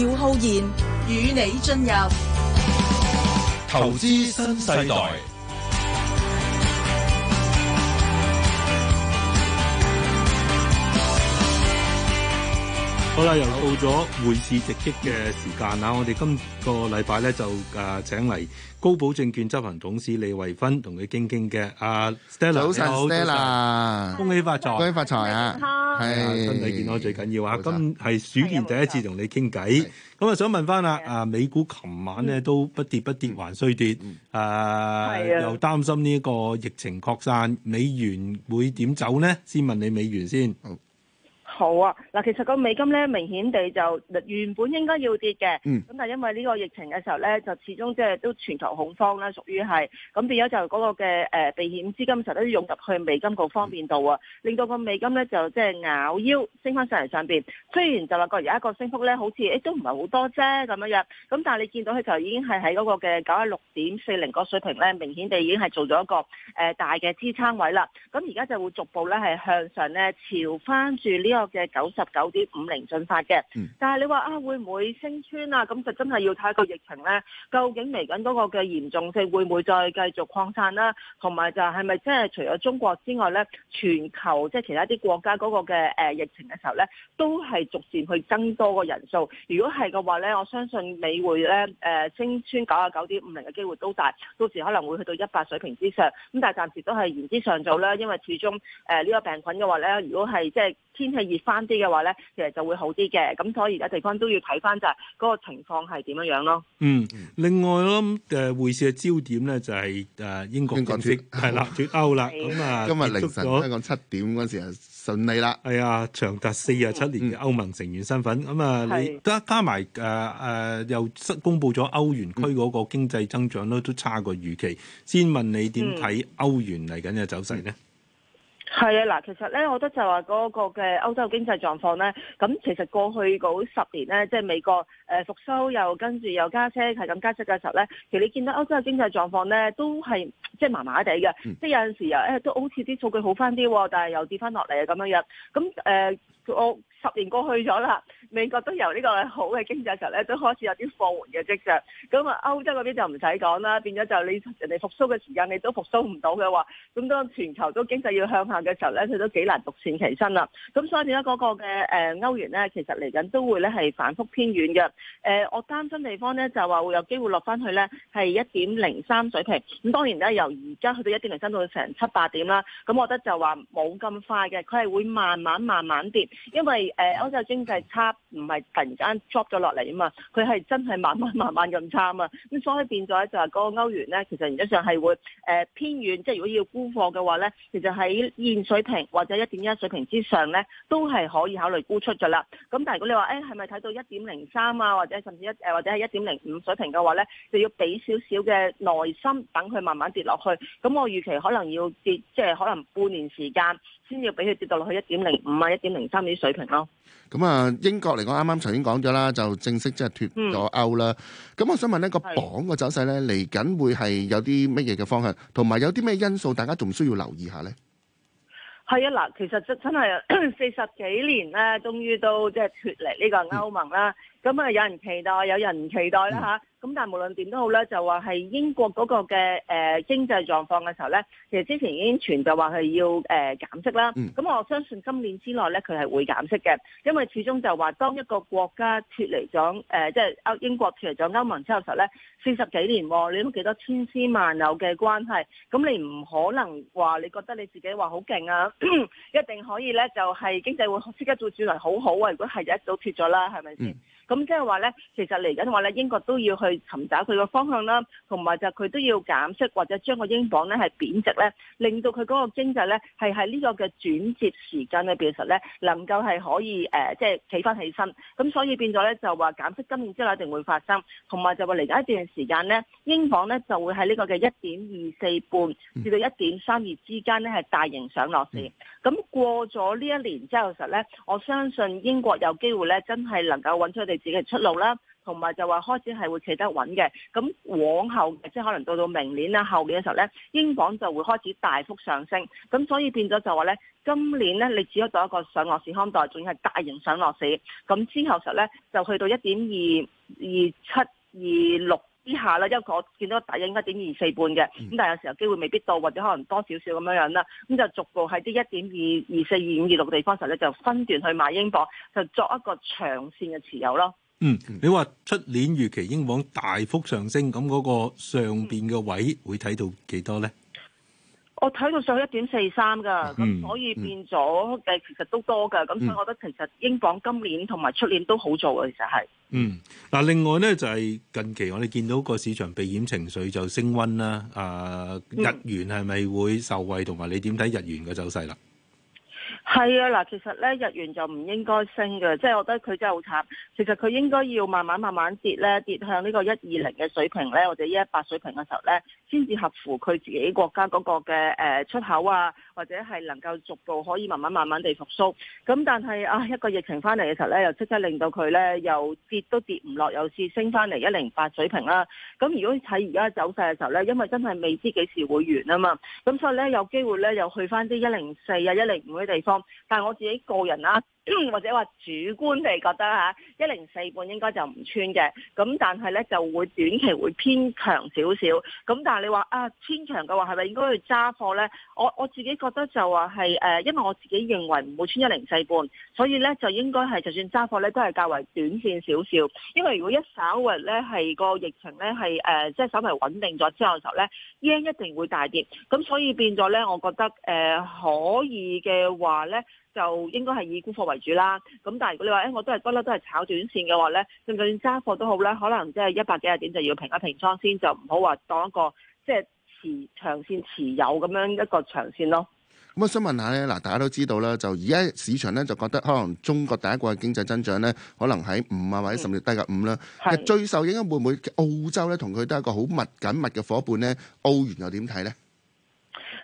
姚浩然與你進入投資新世代。好啦，又到咗匯市直擊嘅時間啦！我哋今個禮拜咧就誒請嚟高保證券執行董事李慧芬同佢傾傾嘅。阿好 Stella，早晨，Stella 恭喜發財，恭喜發財啊！健康係身體健康最緊要啊！今係鼠年第一次同你傾偈，咁啊的想問翻啦的啊美股琴晚咧都不跌不跌還衰跌，嗯、啊的又擔心呢個疫情擴散，美元會點走呢？先問你美元先。好啊，嗱，其實個美金咧明顯地就原本應該要跌嘅，咁、嗯、但因為呢個疫情嘅時候咧，就始終即係都全球恐慌啦，屬於係，咁變咗就嗰個嘅誒、呃、避險資金時都湧入去美金個方便度啊，令到個美金咧就即係咬腰升翻上嚟上邊，雖然就話個而家個升幅咧好似誒都唔係好多啫咁樣，咁但係你見到佢就已經係喺嗰個嘅九十六點四零個水平咧，明顯地已經係做咗一個誒、呃、大嘅支撐位啦，咁而家就會逐步咧係向上咧朝翻住呢個。嘅九十九點五零進發嘅，但係你話啊，會唔會升穿啊？咁就真係要睇個疫情咧，究竟嚟緊嗰個嘅嚴重性會唔會再繼續擴散啦？同埋就係咪即係除咗中國之外咧，全球即係、就是、其他啲國家嗰個嘅誒、呃、疫情嘅時候咧，都係逐漸去增多個人數。如果係嘅話咧，我相信你會咧誒升穿九十九點五零嘅機會都大，到時可能會去到一百水平之上。咁但係暫時都係言之尚早啦，因為始終誒呢個病菌嘅話咧，如果係即係天氣跌翻啲嘅話咧，其實就會好啲嘅。咁所以而家地方都要睇翻就係嗰個情況係點樣樣咯。嗯，另外啦，誒匯市嘅焦點咧就係誒英國脱啦，脱歐啦。咁啊，今日凌晨香港七點嗰陣時啊，順利啦。係啊，長達四十七年嘅歐盟成員身份。咁啊，你加加埋誒誒又公佈咗歐元區嗰個經濟增長咧，都差過預期。先問你點睇歐元嚟緊嘅走勢咧？係啊，嗱，其實咧，我覺得就話嗰個嘅歐洲經濟狀況咧，咁其實過去嗰十年咧，即係美國誒復甦又跟住又加息係咁加息嘅時候咧，其實你見到歐洲嘅經濟狀況咧，都係即係麻麻地嘅，即係有陣時又誒都好似啲數據好翻啲，但係又跌翻落嚟啊咁樣樣，咁誒、呃、我。十年過去咗啦，美國都由呢個好嘅經濟嘅時候咧，都開始有啲放緩嘅跡象。咁啊，歐洲嗰邊就唔使講啦，變咗就你人哋復甦嘅時間，你都復甦唔到嘅話，咁當全球都經濟要向下嘅時候咧，佢都幾難獨善其身啦。咁所以呢，嗰個嘅誒歐元咧，其實嚟緊都會咧係反覆偏軟嘅。誒、呃，我擔心地方咧就話會有機會落翻去咧係一點零三水平。咁當然咧，由而家去到一點零三到成七八點啦。咁我覺得就話冇咁快嘅，佢係會慢慢慢慢跌，因為。誒歐洲經濟差唔係突然間 drop 咗落嚟啊嘛，佢係真係慢慢慢慢咁差啊嘛，咁所以變咗就係嗰個歐元咧，其實原則上係會誒偏軟，即係如果要沽貨嘅話咧，其實喺現水平或者一點一水平之上咧，都係可以考慮沽出咗啦。咁但係如果你話誒係咪睇到一點零三啊，或者甚至一誒或者係一點零五水平嘅話咧，就要俾少少嘅耐心等佢慢慢跌落去。咁我預期可能要跌，即係可能半年時間先要俾佢跌到落去一點零五啊、一點零三啲水平咯。咁啊，英國嚟講啱啱頭先講咗啦，就正式即係脱咗歐啦。咁、嗯、我想問呢個榜嘅走勢咧，嚟緊會係有啲乜嘢嘅方向，同埋有啲咩因素，大家仲需要留意下呢？係啊，嗱，其實真真係四十幾年咧，終於都即係脱離呢個歐盟啦。嗯咁啊，有人期待，有人期待啦咁、嗯、但係無論點都好咧，就話係英國嗰個嘅誒、呃、經濟狀況嘅時候咧，其實之前已經傳就話係要誒、呃、減息啦。咁、嗯、我相信今年之內咧，佢係會減息嘅，因為始終就話當一個國家脱離咗誒、呃，即係歐英國脱離咗歐盟之後嘅時候咧，四十幾年，你都幾多千絲萬縷嘅關係，咁你唔可能話你覺得你自己話好勁啊，一定可以咧就係經濟會即刻做主流。好好啊！如果係一早脱咗啦，係咪先？嗯咁即係話咧，其實嚟緊話咧，英國都要去尋找佢個方向啦，同埋就佢都要減息或者將個英鎊咧係貶值咧，令到佢嗰個經濟咧係喺呢個嘅轉折時間裏邊實咧能夠係可以即係、呃即係、企翻起身。咁所以變咗咧就話減息今年之後一定會發生，同埋就話嚟緊一段時間咧，英鎊咧就會喺呢個嘅一點二四半至到一點三二之間咧係大型上落市。咁、嗯、過咗呢一年之後實咧，我相信英國有機會咧真係能夠揾出嚟。自己嘅出路啦，同埋就話開始係會企得穩嘅，咁往後即係可能到到明年啦、後年嘅時候咧，英鎊就會開始大幅上升，咁所以變咗就話咧，今年咧你只可做一個上落市看待，仲要係大型上落市，咁之後實咧就去到一點二二七二六。之下啦，因為我見到第一應該點二四半嘅，咁但係有時候機會未必到，或者可能多少少咁樣樣啦，咁就逐步喺啲一點二、二四、二五、二六嘅地方時候咧，就分段去買英鎊，就作一個長線嘅持有咯。嗯，你話出年預期英鎊大幅上升，咁嗰個上邊嘅位會睇到幾多咧？我睇到上一點四三㗎，咁、嗯、所以變咗誒，其實都多㗎，咁、嗯、所以我覺得其實英鎊今年同埋出年都好做啊，其實係。嗯，嗱，另外咧就係、是、近期我哋見到個市場避險情緒就升溫啦，啊，日元係咪會受惠，同埋你點睇日元嘅走勢啦？係啊，嗱，其實咧日元就唔應該升嘅，即係我覺得佢真係好慘。其實佢應該要慢慢慢慢跌咧，跌向呢個一二零嘅水平咧，或者一一八水平嘅時候咧，先至合乎佢自己國家嗰個嘅誒出口啊，或者係能夠逐步可以慢慢慢慢地復蘇。咁但係啊一個疫情翻嚟嘅時候咧，又即刻令到佢咧又跌都跌唔落，又試升翻嚟一零八水平啦。咁如果睇而家走勢嘅時候咧，因為真係未知幾時會完啊嘛，咁所以咧有機會咧又去翻啲一零四啊一零五地方，但係我自己個人啦、啊。或者話主觀地覺得嚇一零四半應該就唔穿嘅，咁但係呢就會短期會偏強少少。咁但係你話啊，偏強嘅話係咪應該去揸貨呢？我我自己覺得就話係誒，因為我自己認為唔會穿一零四半，所以呢就應該係就算揸貨呢都係較為短線少少。因為如果一稍為呢係、這個疫情呢係、呃、即係稍微穩定咗之後嘅時候呢 yen 一定會大跌。咁所以變咗呢，我覺得誒、呃、可以嘅話呢。就應該係以沽貨為主啦。咁但係如果你話、欸，我都係不嬲都係炒短線嘅話咧，甚至揸貨都好啦。可能即係一百幾十點就要平一平倉先，就唔好話當一個即係、就係、持長線持有咁樣一個長線咯。咁我、嗯、想問下咧，嗱大家都知道啦，就而家市場咧就覺得可能中國第一個嘅經濟增長咧，可能喺五啊或者甚至低過五啦。係是。最受影響會唔會澳洲咧？同佢都係一個好密緊密嘅伙伴咧，澳元又點睇咧？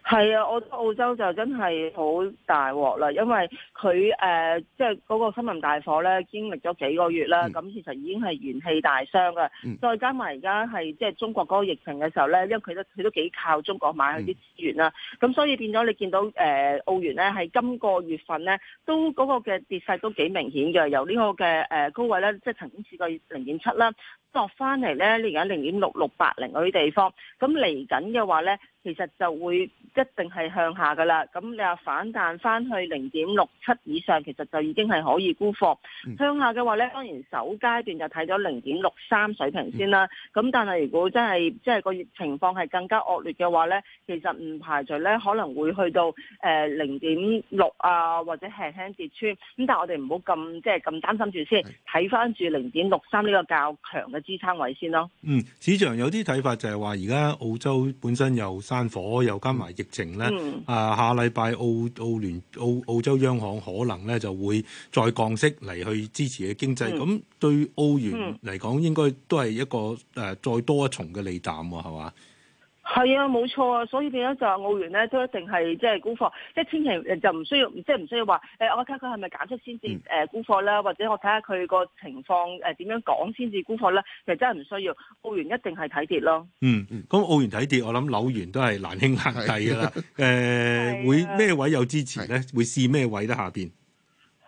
係啊，我覺得澳洲就真係好大鑊啦，因為佢誒即係嗰個森林大火咧，經歷咗幾個月啦，咁其實已經係元氣大傷㗎。嗯、再加埋而家係即係中國嗰個疫情嘅時候咧，因為佢都佢都幾靠中國買佢啲資源啦，咁、嗯、所以變咗你見到誒、呃、澳元咧，係今個月份咧都嗰、嗰個嘅跌勢都幾明顯嘅，由呢個嘅誒、呃、高位咧，即係曾經試過零點七啦，落翻嚟咧，你而家零點六六八零嗰啲地方，咁嚟緊嘅話咧。其實就會一定係向下㗎啦。咁你話反彈翻去零點六七以上，其實就已經係可以沽貨。嗯、向下嘅話呢，當然首階段就睇咗零點六三水平先啦。咁、嗯、但係如果真係即係個情況係更加惡劣嘅話呢，其實唔排除呢可能會去到誒零點六啊，或者係輕輕跌穿。咁但係我哋唔好咁即係咁擔心住先，睇翻住零點六三呢個較強嘅支撐位先咯。嗯，市場有啲睇法就係話，而家澳洲本身有。炭火又加埋疫情咧，啊，下禮拜澳澳聯澳澳，澳洲央行可能咧就會再降息嚟去支持嘅經濟，咁、嗯、對澳元嚟講應該都係一個誒再多一重嘅利淡喎，係嘛？係啊，冇錯啊，所以變咗就澳元咧都一定係即係沽貨，即係千祈就唔需要，即係唔需要話誒、欸，我睇下佢係咪減息先至誒沽貨啦，嗯、或者我睇下佢個情況誒點樣講先至沽貨咧，其實真係唔需要。澳元一定係睇跌咯。嗯嗯，咁澳元睇跌，我諗紐元都係難兄難弟噶啦。誒會咩位有支持咧？會試咩位咧下邊？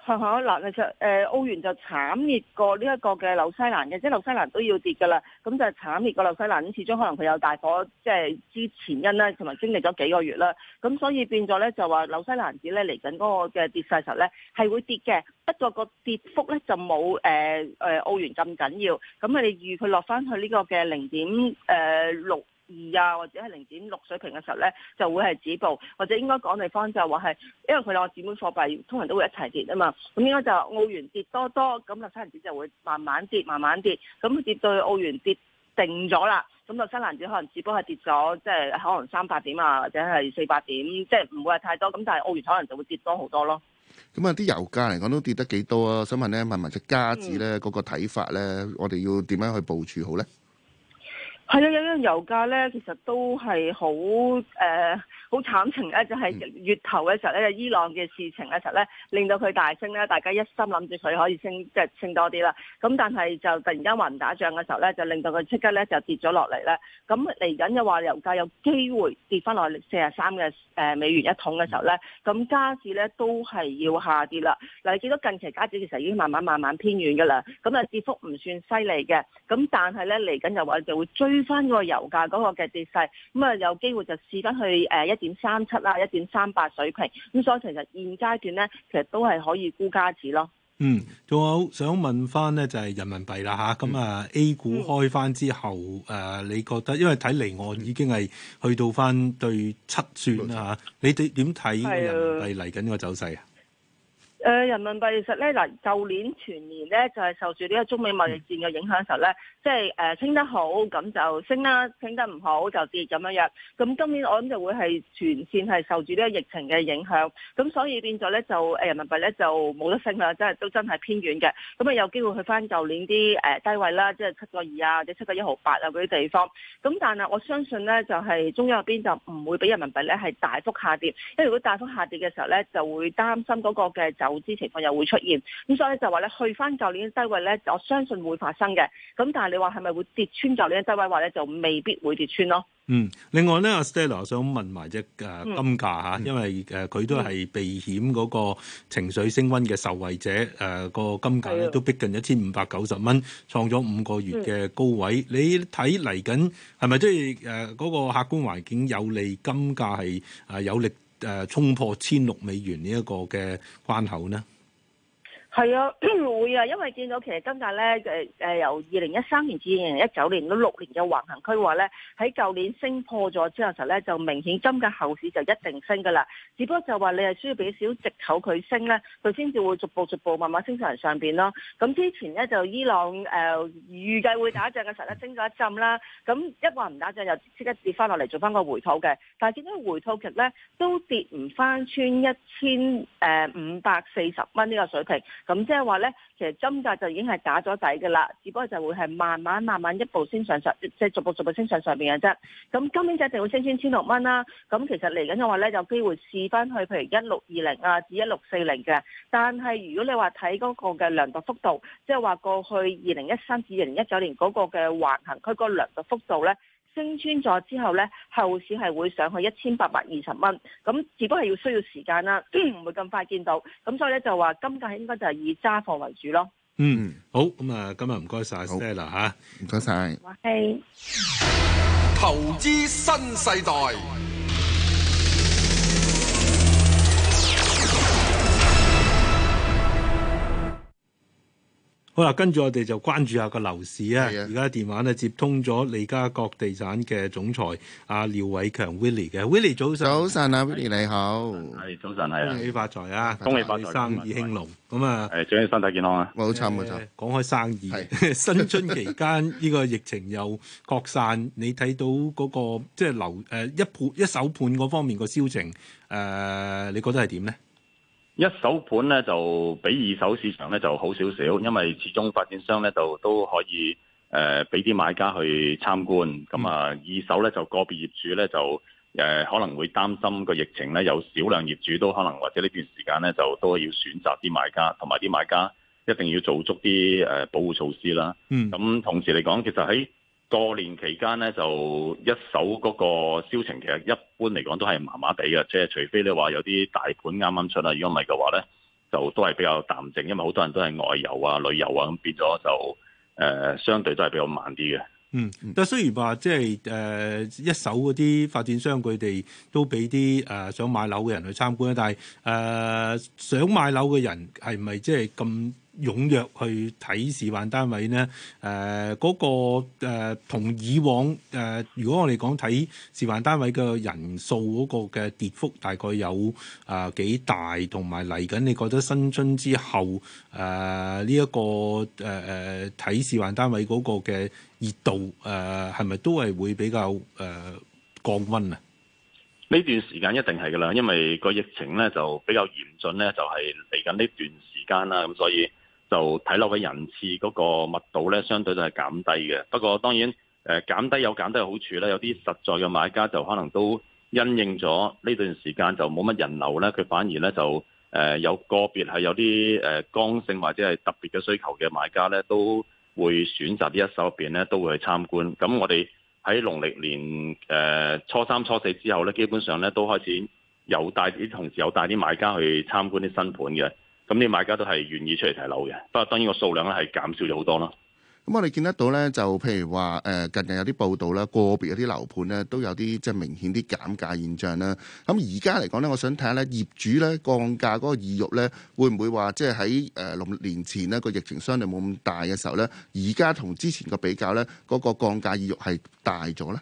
嚇嗱，其實誒澳元就慘烈過呢一個嘅紐西蘭嘅，即係紐西蘭都要跌㗎啦，咁就係慘烈過紐西蘭，咁始終可能佢有大火即係、就是、之前因啦，同埋經歷咗幾個月啦，咁所以變咗咧就話紐西蘭紙咧嚟緊嗰個嘅跌勢時候咧係會跌嘅，不過個跌幅咧就冇誒誒澳元咁緊要，咁你預佢落翻去呢個嘅零點誒六，二啊，或者係零點六水平嘅時候咧，就會係止步，或者應該講地方就話、是、係，因為佢兩個姊妹貨幣通常都會一齊跌啊嘛。咁應該就澳元跌多多，咁紐西蘭紙就會慢慢跌，慢慢跌，咁跌到澳元跌定咗啦，咁紐西蘭紙可能只不過係跌咗，即、就、係、是、可能三百點啊，或者係四百點，即係唔會係太多。咁但係澳元可能就會跌多好多咯。咁啊，啲油價嚟講都跌得幾多啊？想問咧，問問隻加紙咧嗰個睇法咧，我哋要點樣去部署好咧？係啊，有樣油價呢，其實都係好誒。呃好慘情咧，就係、是、月頭嘅時候咧，伊朗嘅事情嘅時候咧，令到佢大升咧，大家一心諗住佢可以升，即係升多啲啦。咁但係就突然間話唔打仗嘅時候咧，就令到佢即刻咧就跌咗落嚟咧。咁嚟緊又話油價有機會跌翻落四十三嘅美元一桶嘅時候咧，咁加指咧都係要下跌啦。嗱，你記得近期加指其實已經慢慢慢慢偏軟嘅啦，咁啊跌幅唔算犀利嘅，咁但係咧嚟緊又話就會追翻個油價嗰個嘅跌勢，咁啊有機會就試緊去一。呃一點三七啦，一點三八水平，咁所以其實現階段咧，其實都係可以估家指咯。嗯，仲有想問翻咧，就係人民幣啦吓，咁、嗯、啊 A 股開翻之後，誒、嗯啊、你覺得，因為睇離岸已經係去到翻對七算啊，嗯、你哋點睇人民幣嚟緊個走勢啊？誒人民幣其實咧嗱，舊年全年咧就係、是、受住呢個中美貿易戰嘅影響時候咧，即係誒升得好咁就升啦，升得唔好就跌咁樣樣。咁今年我諗就會係全線係受住呢個疫情嘅影響，咁所以變咗咧就、呃、人民幣咧就冇得升啦，即係都真係偏軟嘅。咁啊有機會去翻舊年啲誒低位啦，即係七個二啊，或者七個一毫八啊嗰啲地方。咁但係我相信咧就係、是、中央入邊就唔會俾人民幣咧係大幅下跌，因為如果大幅下跌嘅時候咧就會擔心嗰個嘅走。投資情況又會出現，咁所以就話咧，去翻舊年嘅低位咧，我相信會發生嘅。咁但係你話係咪會跌穿舊年嘅低位話咧，就未必會跌穿咯。嗯，另外咧，阿 Stella 想問埋隻誒金價吓，嗯、因為誒佢都係避險嗰個情緒升温嘅受惠者。誒個金價咧都逼近一千五百九十蚊，創咗五個月嘅高位。嗯、你睇嚟緊係咪即係誒嗰個客觀環境有利金價係誒有力？呃，衝破千六美元呢一個嘅關口呢？係啊，會啊，因為見到其實今日咧，誒、呃、誒，由二零一三年至二零一九年都六年嘅橫行區劃咧，喺舊年升破咗之後嘅時候咧，就明顯今個後市就一定升嘅啦。只不過就話你係需要俾少少藉口佢升咧，佢先至會逐步逐步慢慢升上嚟上邊咯。咁之前咧就伊朗誒、呃、預計會打仗嘅時候咧，升咗一陣啦，咁一話唔打仗又即刻跌翻落嚟做翻個回吐嘅。但係至於回吐期咧都跌唔翻穿一千誒五百四十蚊呢個水平。咁即係話呢，其實針價就已經係打咗底嘅啦，只不過就會係慢慢慢慢一步升上上，即係逐步逐步升上上面嘅啫。咁今年就一定會升穿千六蚊啦。咁其實嚟緊嘅話呢，有機會試翻去譬如一六二零啊至一六四零嘅。但係如果你話睇嗰個嘅量度幅度，即係話過去二零一三至二零一九年嗰個嘅橫行區，嗰個量度幅度呢。升穿咗之後咧，後市係會上去一千八百二十蚊，咁只不過係要需要時間啦，唔會咁快見到，咁所以咧就話金價應該就係以揸貨為主咯。嗯，好，咁啊，今日唔該晒，Sarah，唔該晒。喂，投資新世代。好啦，跟住我哋就關注下個樓市啊！而家電話咧接通咗利嘉閣地產嘅總裁阿廖偉強 Willie 嘅，Willie 早晨。早晨啊，Willie 你好。係早晨，係恭喜發財啊！恭喜發財，生意興隆。咁啊，誒，祝你身體健康啊！冇錯，冇錯。講開生意，新春期間呢個疫情又擴散，你睇到嗰個即係樓誒一盤一手盤嗰方面個銷情，誒，你覺得係點咧？一手盤咧就比二手市場咧就好少少，因為始終發展商咧就都，都可以誒俾啲買家去參觀，咁啊、嗯、二手咧就個別業主咧就誒、呃、可能會擔心個疫情咧，有少量業主都可能或者呢段時間咧就都要選擇啲買家，同埋啲買家一定要做足啲誒保護措施啦。嗯，咁同時嚟講，其實喺過年期間咧，就一手嗰個銷情其實一般嚟講都係麻麻地嘅，即係除非你話有啲大盤啱啱出啦，如果唔係嘅話咧，就都係比較淡靜，因為好多人都係外遊啊、旅遊啊咁，變咗就誒、呃、相對都係比較慢啲嘅。嗯，但係雖然話即係誒一手嗰啲發展商佢哋都俾啲誒想買樓嘅人去參觀啦，但係誒、呃、想買樓嘅人係咪即係咁踴躍去睇示範單位呢，誒、呃、嗰、那個、呃、同以往誒、呃，如果我哋講睇示範單位嘅人數嗰個嘅跌幅，大概有啊、呃、幾大，同埋嚟緊，你覺得新春之後誒呢一個誒睇、呃、示範單位嗰個嘅熱度誒，係、呃、咪都係會比較誒、呃、降溫啊？呢段時間一定係噶啦，因為個疫情咧就比較嚴峻咧，就係嚟緊呢段時間啦，咁所以。就睇落去人次嗰個密度咧，相對就係減低嘅。不過當然，誒減低有減低嘅好處咧，有啲實在嘅買家就可能都因應咗呢段時間就冇乜人流咧，佢反而咧就誒有個別係有啲誒剛性或者係特別嘅需求嘅買家咧，都會選擇呢一手入邊咧都會去參觀。咁我哋喺農曆年誒初三初四之後咧，基本上咧都開始有帶啲同事，有帶啲買家去參觀啲新盤嘅。咁啲買家都係願意出嚟睇樓嘅，不過當然個數量咧係減少咗好多咯。咁我哋見得到咧，就譬如話誒，近日有啲報道啦，個別有啲樓盤咧都有啲即係明顯啲減價現象啦。咁而家嚟講咧，我想睇下咧，業主咧降價嗰個意欲咧，會唔會話即係喺誒六年前呢個疫情相對冇咁大嘅時候咧，而家同之前個比較咧，嗰個降價意欲係大咗咧？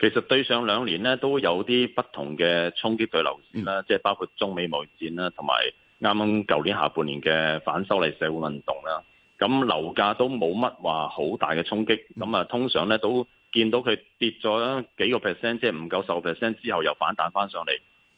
其實對上兩年咧都有啲不同嘅衝擊對樓市啦，即係包括中美貿易戰啦，同埋，啱啱舊年下半年嘅反修例社會運動啦，咁樓價都冇乜話好大嘅衝擊，咁啊通常咧都見到佢跌咗幾個 percent，即係唔夠十個 percent 之後又反彈翻上嚟，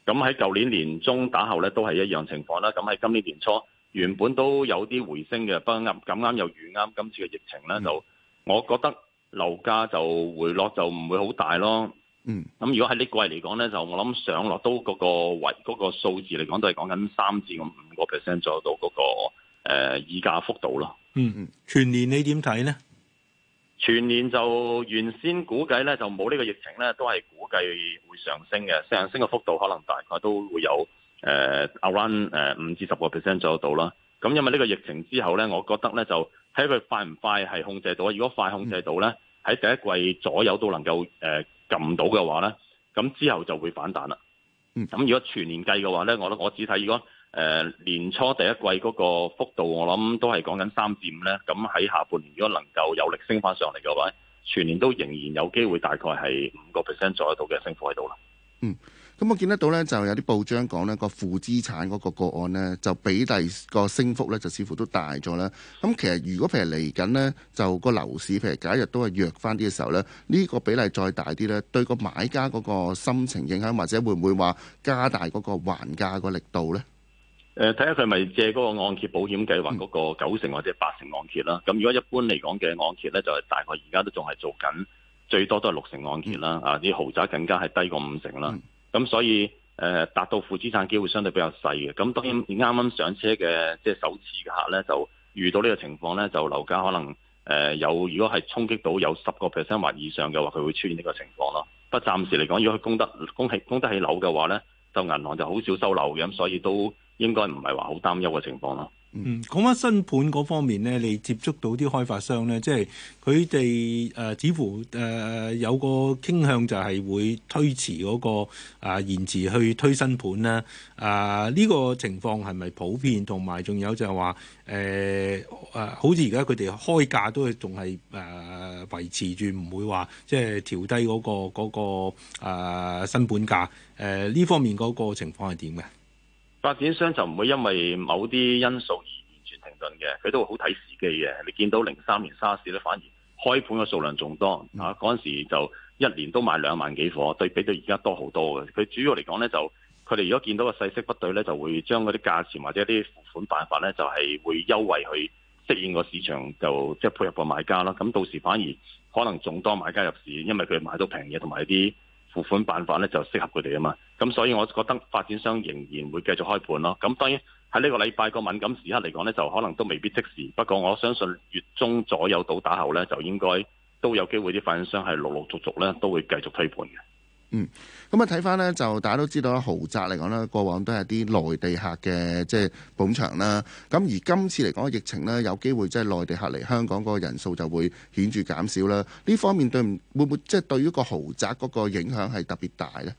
咁喺舊年年中打後咧都係一樣情況啦。咁喺今年年初原本都有啲回升嘅，不過啱咁啱又遇啱今次嘅疫情咧，就我覺得樓價就回落就唔會好大咯。嗯，咁如果喺呢季嚟講咧，就我諗上落都嗰、嗰個圍、嗰個數字嚟講，都係講緊三至五個 percent 左右到嗰、嗰個誒，呃、議價幅度咯。嗯嗯，全年你點睇咧？全年就原先估計咧，就冇呢個疫情咧，都係估計會上升嘅，升上升嘅幅度可能大概都會有誒、呃、around 誒五至十個 percent 左右到啦。咁因為呢個疫情之後咧，我覺得咧就睇佢快唔快係控制到。如果快控制到咧，喺、嗯、第一季左右都能夠誒。呃撳到嘅話呢，咁之後就會反彈啦。咁、嗯、如果全年計嘅話呢，我我只睇如果誒年初第一季嗰個幅度，我諗都係講緊三至五呢。咁喺下半年如果能夠有力升返上嚟嘅話，全年都仍然有機會，大概係五個 percent 左一度嘅升幅喺度啦。嗯。咁、嗯、我見得到咧，就有啲報章講咧個負資產嗰個個案咧，就比例個升幅咧就似乎都大咗啦。咁、嗯、其實如果譬如嚟緊咧，就個樓市譬如假若都係弱翻啲嘅時候咧，呢、這個比例再大啲咧，對個買家嗰個心情影響，或者會唔會話加大嗰個還價個力度咧？誒、呃，睇下佢咪借嗰個按揭保險計劃嗰個九成或者八成按揭啦。咁、嗯嗯、如果一般嚟講嘅按揭咧，就係、是、大概而家都仲係做緊最多都係六成按揭啦。嗯嗯、啊，啲豪宅更加係低過五成啦。嗯。咁所以誒達到負資產機會相對比較細嘅，咁當然啱啱上車嘅即係首次嘅客咧，就遇到呢個情況咧，就樓價可能誒有，如果係衝擊到有十個 percent 或以上嘅話，佢會出現呢個情況咯。不過暫時嚟講，如果佢供得供起供得起樓嘅話咧，就銀行就好少收樓嘅，咁所以都應該唔係話好擔憂嘅情況咯。嗯，講返新盤嗰方面咧，你接觸到啲開發商咧，即係佢哋誒似乎誒、呃、有個傾向就係會推遲嗰、嗰個、呃、延遲去推新盤啦。啊、呃，呢、呢個情況係咪普遍？同埋仲有就係話誒好似而家佢哋開價都係仲係誒維持住，唔會話即係調低嗰、嗰個嗰、嗰個呃、新盤價。誒、呃、呢方面嗰個情況係點嘅？發展商就唔會因為某啲因素而完全停頓嘅，佢都會好睇時機嘅。你見到零三年沙士咧，反而開盤嘅數量仲多，嗰時、嗯啊、陣時就一年都賣兩萬幾伙，對比到而家多好多嘅。佢主要嚟講呢，就佢哋如果見到個勢色不對呢，就會將嗰啲價錢或者啲付款辦法呢，就係、是、會優惠去適應個市場，就即係、就是、配合個買家啦。咁到時反而可能仲多買家入市，因為佢買到平嘢同埋啲。付款辦法咧就適合佢哋啊嘛，咁所以我覺得發展商仍然會繼續開盤咯。咁當然喺呢個禮拜個敏感時刻嚟講咧，就可能都未必即時。不過我相信月中左右到打後咧，就應該都有機會啲發展商係陸陸續續咧都會繼續推盤嘅。嗯，咁啊睇翻咧，就大家都知道咧，豪宅嚟講咧，過往都係啲內地客嘅即係捧場啦。咁而今次嚟講嘅疫情咧，有機會即係內地客嚟香港個人數就會顯著減少啦。呢方面對唔會唔會即係、就是、對於個豪宅嗰個影響係特別大咧？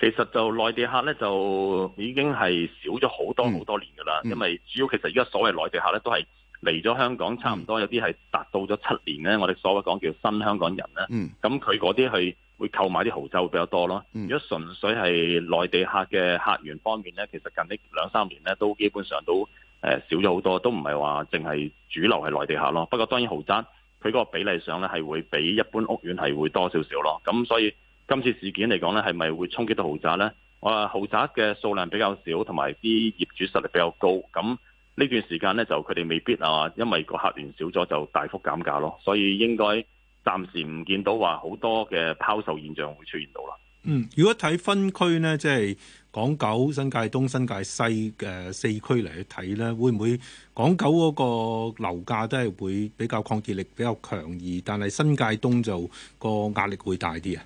其實就內地客咧就已經係少咗好多好多年㗎喇，嗯、因為主要其實而家所謂內地客咧都係嚟咗香港差唔多，有啲係達到咗七年咧。我哋所謂講叫新香港人咧，咁佢嗰啲去，嗯會購買啲豪宅會比較多咯。如果純粹係內地客嘅客源方面咧，其實近呢兩三年咧都基本上都誒少咗好多，都唔係話淨係主流係內地客咯。不過當然豪宅佢個比例上咧係會比一般屋苑係會多少少咯。咁所以今次事件嚟講咧，係咪會衝擊到豪宅咧？我話豪宅嘅數量比較少，同埋啲業主實力比較高。咁呢段時間咧就佢哋未必啊，因為個客源少咗就大幅減價咯。所以應該。暫時唔見到話好多嘅拋售現象會出現到啦。嗯，如果睇分區呢，即係港九、新界東、新界西嘅、呃、四區嚟去睇呢，會唔會港九嗰個樓價都係會比較抗跌力比較強，而但係新界東就個壓力會大啲啊？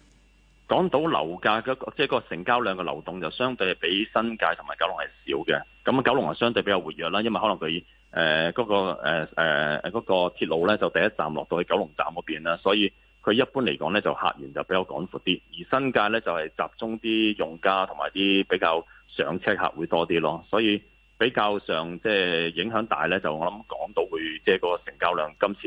港島樓價嘅即係個成交量嘅流動就相對比新界同埋九龍係少嘅，咁九龍係相對比較活躍啦，因為可能佢誒嗰個誒誒嗰個鐵路咧就第一站落到去九龍站嗰邊啦，所以佢一般嚟講咧就客源就比較廣闊啲，而新界咧就係集中啲用家同埋啲比較上車客會多啲咯，所以比較上即係影響大咧，就我諗港島會即係個成交量今次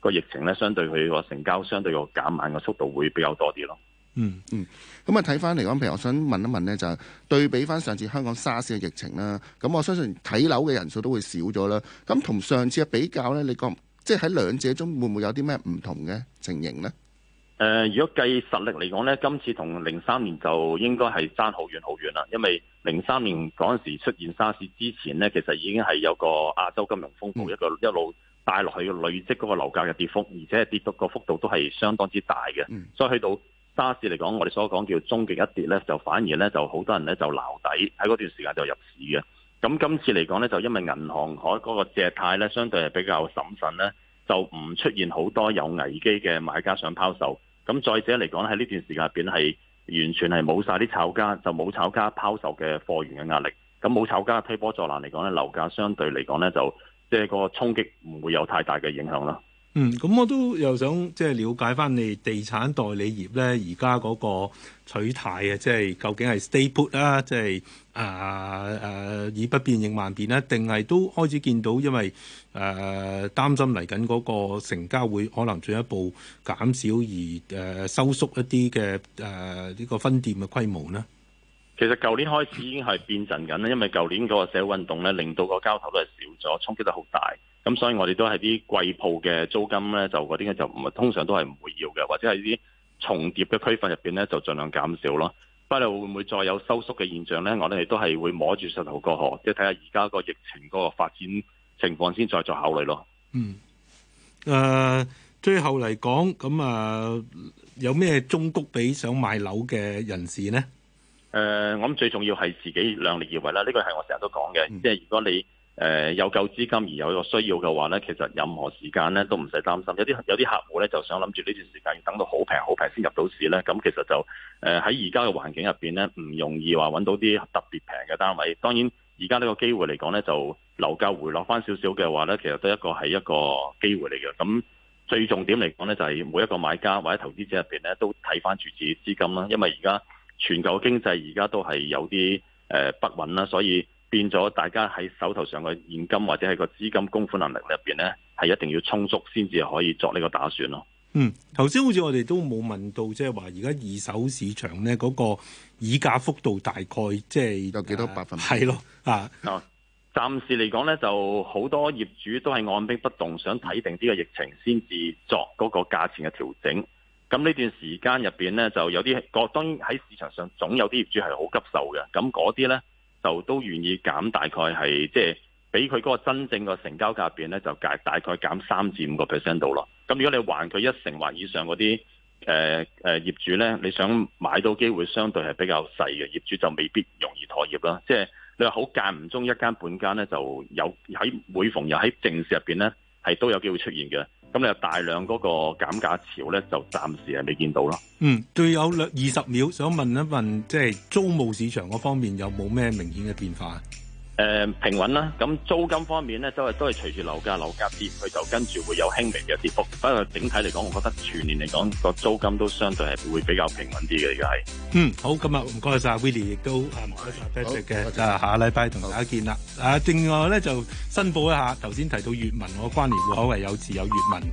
個疫情咧，相對佢個成交相對個減慢個速度會比較多啲咯。嗯嗯，咁啊睇翻嚟講，譬如我想問一問咧，就對比翻上，上次香港沙士嘅疫情啦，咁我相信睇樓嘅人數都會少咗啦。咁同上次嘅比較咧，你覺即係喺兩者中會唔會有啲咩唔同嘅情形呢？誒、呃，如果計實力嚟講咧，今次同零三年就應該係差好遠好遠啦。因為零三年嗰陣時出現沙士之前咧，其實已經係有個亞洲金融風暴，嗯、一個一路帶落去累積嗰個樓價嘅跌幅，而且係跌到個幅度都係相當之大嘅，嗯、所以去到沙士嚟講，我哋所講叫終極一跌咧，就反而咧就好多人咧就撈底，喺嗰段時間就入市嘅。咁今次嚟講咧，就因為銀行嗰個借貸咧，相對係比較審慎咧，就唔出現好多有危機嘅買家想拋售。咁再者嚟講咧，喺呢段時間入邊係完全係冇晒啲炒家，就冇炒家拋售嘅貨源嘅壓力。咁冇炒家推波助瀾嚟講咧，樓價相對嚟講咧，就即係個衝擊唔會有太大嘅影響咯。嗯，咁我都又想即係、就是、了解翻你地產代理業咧，而家嗰個取態啊，即係究竟係 stay put 啦，即係啊誒以不變應萬變啦，定係都開始見到因為誒、啊、擔心嚟緊嗰個成交會可能進一步減少而誒、啊、收縮一啲嘅誒呢個分店嘅規模呢？其實舊年開始已經係變陣緊啦，因為舊年嗰個社會運動咧，令到個交投都係少咗，衝擊得好大。咁、嗯、所以，我哋都係啲貴鋪嘅租金咧，就嗰啲咧就唔係通常都係唔會要嘅，或者係啲重疊嘅區份入邊咧，就儘量減少咯。會不過會唔會再有收縮嘅現象咧，我哋都係會摸住石頭過河，即係睇下而家個疫情嗰個發展情況先，再再做考慮咯。嗯。誒、呃，最後嚟講，咁啊、呃，有咩忠告畀想買樓嘅人士咧？誒、呃，我諗最重要係自己量力而為啦。呢個係我成日都講嘅，嗯、即係如果你。誒有夠資金而有個需要嘅話咧，其實任何時間咧都唔使擔心。有啲有啲客戶咧就想諗住呢段時間要等到好平好平先入到市咧，咁其實就誒喺而家嘅環境入邊咧，唔容易話揾到啲特別平嘅單位。當然，而家呢個機會嚟講咧，就樓價回落翻少少嘅話咧，其實都一個係一個機會嚟嘅。咁最重點嚟講咧，就係每一個買家或者投資者入邊咧，都睇翻住自己資金啦，因為而家全球經濟而家都係有啲誒不穩啦，所以。變咗，大家喺手頭上嘅現金或者係個資金供款能力入邊咧，係一定要充足先至可以作呢個打算咯。嗯，頭先好似我哋都冇問到，即係話而家二手市場咧嗰個議價幅度大概即係有幾多百分比？係咯，啊，暫時嚟講咧，就好多業主都係按兵不動，想睇定呢個疫情先至作嗰個價錢嘅調整。咁呢段時間入邊咧，就有啲個當然喺市場上總有啲業主係好急售嘅，咁嗰啲咧。就都願意減大概係，即係俾佢嗰個真正個成交價入邊咧，就減大概減三至五個 percent 到咯。咁如果你還佢一成或以上嗰啲誒誒業主咧，你想買到機會，相對係比較細嘅，業主就未必容易抬業啦。即係你話好間唔中一間半間咧，就有喺每逢又喺正式入邊咧，係都有機會出現嘅。咁你有大量嗰個減價潮咧，就暫時係未見到啦。嗯，仲，有兩二十秒，想問一問，即係租務市場嗰方面有冇咩明顯嘅變化？誒、呃、平穩啦，咁租金方面呢，都係都係隨住樓，樓價樓價跌，佢就跟住會有輕微嘅跌幅。不過整體嚟講，我覺得全年嚟講個租金都相對係會比較平穩啲嘅，而家係。嗯，好，今日唔該曬，William 亦都唔該曬 Patrick 嘅，就下禮拜同大家見啦。好啊，另外呢，就申報一下，頭先提到粵文我關聯會可，所謂有字有粵文。